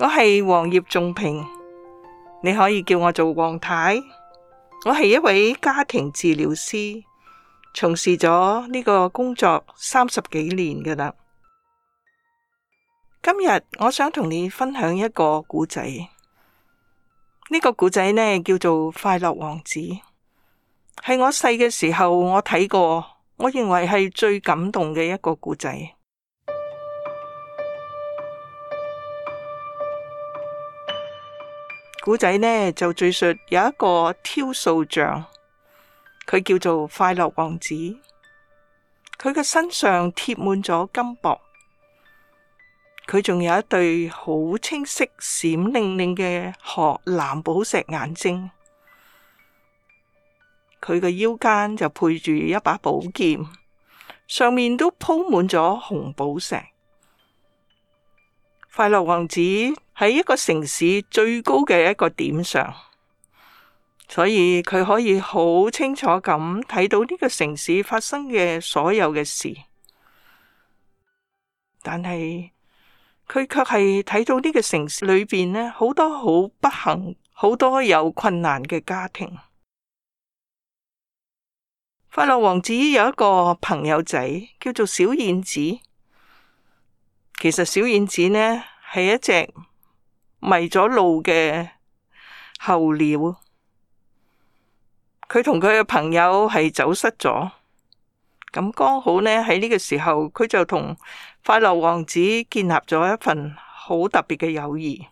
我係黃葉仲平，你可以叫我做黃太。我係一位家庭治療師，從事咗呢個工作三十幾年㗎喇。今日我想同你分享一個故仔，呢、呢個故仔呢叫做《快樂王子》，係我細嘅時候我睇過，我認為係最感動嘅一個故仔。古仔呢就敘述有一個雕塑像，佢叫做快樂王子。佢嘅身上貼滿咗金箔，佢仲有一對好清晰閃靈靈嘅褐藍寶石眼睛。佢嘅腰間就配住一把寶劍，上面都鋪滿咗紅寶石。快樂王子喺一個城市最高嘅一個點上，所以佢可以好清楚咁睇到呢個城市發生嘅所有嘅事，但係佢卻係睇到呢個城市裏邊呢，好多好不幸、好多有困難嘅家庭。快樂王子有一個朋友仔叫做小燕子。其實小燕子呢係一隻迷咗路嘅候鳥，佢同佢嘅朋友係走失咗，咁剛好呢喺呢個時候，佢就同快樂王子建立咗一份好特別嘅友誼。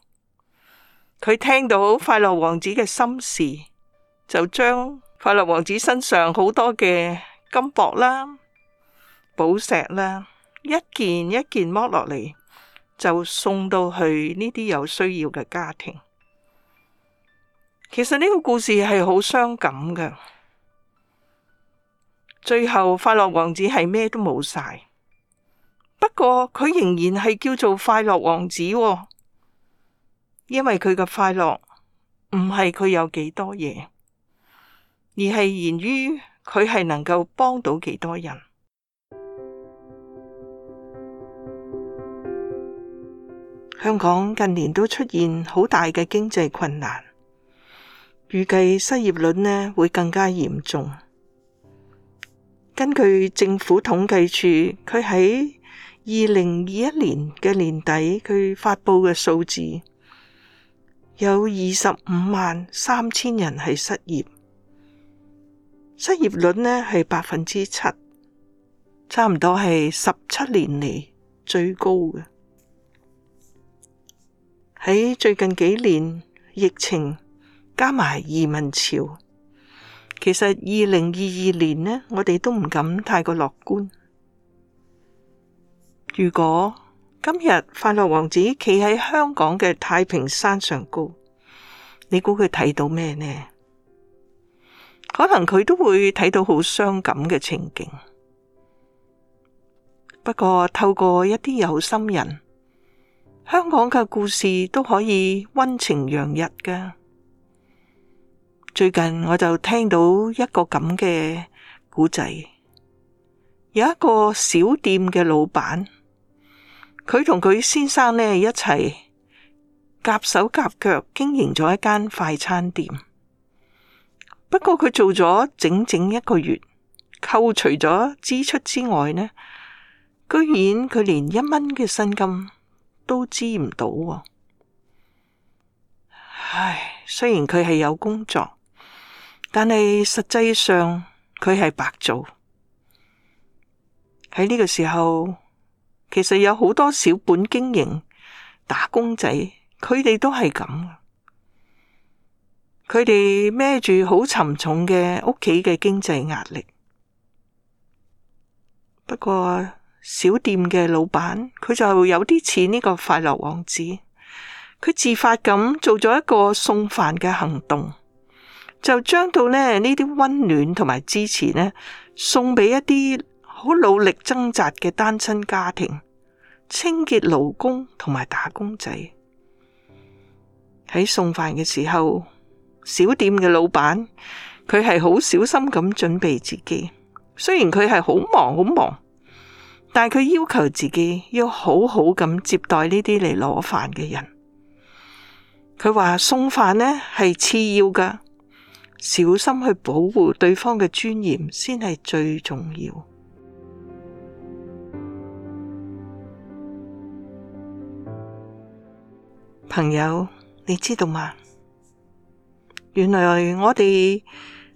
佢聽到快樂王子嘅心事，就將快樂王子身上好多嘅金箔啦、寶石啦。一件一件剝落嚟，就送到去呢啲有需要嘅家庭。其實呢個故事係好傷感嘅，最後快樂王子係咩都冇晒，不過佢仍然係叫做快樂王子，哦，因為佢嘅快樂唔係佢有幾多嘢，而係源於佢係能夠幫到幾多人。香港近年都出現好大嘅經濟困難，預計失業率呢會更加嚴重。根據政府統計處，佢喺二零二一年嘅年底，佢發佈嘅數字有二十五萬三千人係失業，失業率呢係百分之七，差唔多係十七年嚟最高嘅。喺最近幾年，疫情加埋移民潮，其實二零二二年呢，我哋都唔敢太過樂觀。如果今日快樂王子企喺香港嘅太平山上高，你估佢睇到咩呢？可能佢都會睇到好傷感嘅情景。不過透過一啲有心人，香港嘅故事都可以溫情洋溢嘅。最近我就聽到一個咁嘅古仔，有一個小店嘅老闆，佢同佢先生呢一齊夾手夾腳經營咗一間快餐店。不過佢做咗整整一個月，扣除咗支出之外呢，居然佢連一蚊嘅薪金。都知唔到喎，唉，雖然佢係有工作，但係實際上佢係白做。喺呢個時候，其實有好多小本經營，打工仔，佢哋都係咁，佢哋孭住好沉重嘅屋企嘅經濟壓力，不過。小店嘅老闆，佢就有啲似呢個快樂王子。佢自發咁做咗一個送飯嘅行動，就將到呢呢啲溫暖同埋支持呢，送俾一啲好努力掙扎嘅單親家庭、清潔勞工同埋打工仔。喺送飯嘅時候，小店嘅老闆佢係好小心咁準備自己，雖然佢係好忙，好忙。但係佢要求自己要好好咁接待呢啲嚟攞飯嘅人。佢話送飯呢係次要㗎，小心去保護對方嘅尊嚴先係最重要。朋友，你知道嗎？原來我哋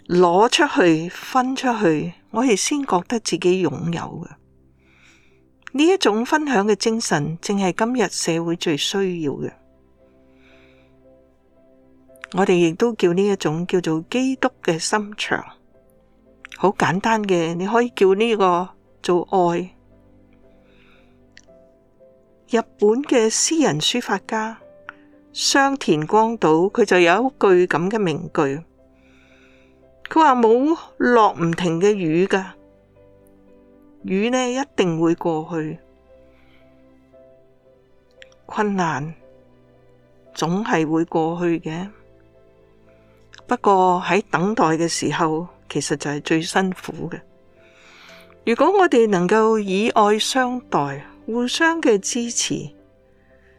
攞出去分出去，我哋先覺得自己擁有嘅。呢一種分享嘅精神，正係今日社會最需要嘅。我哋亦都叫呢一種叫做基督嘅心腸，好簡單嘅，你可以叫呢個做愛。日本嘅私人書法家相田光島，佢就有一句咁嘅名句，佢話冇落唔停嘅雨㗎。雨呢，一定會過去，困難總係會過去嘅。不過喺等待嘅時候，其實就係最辛苦嘅。如果我哋能夠以愛相待，互相嘅支持，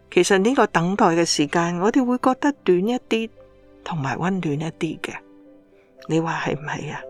其實呢個等待嘅時間，我哋會覺得短一啲，同埋溫暖一啲嘅。你話係唔係啊？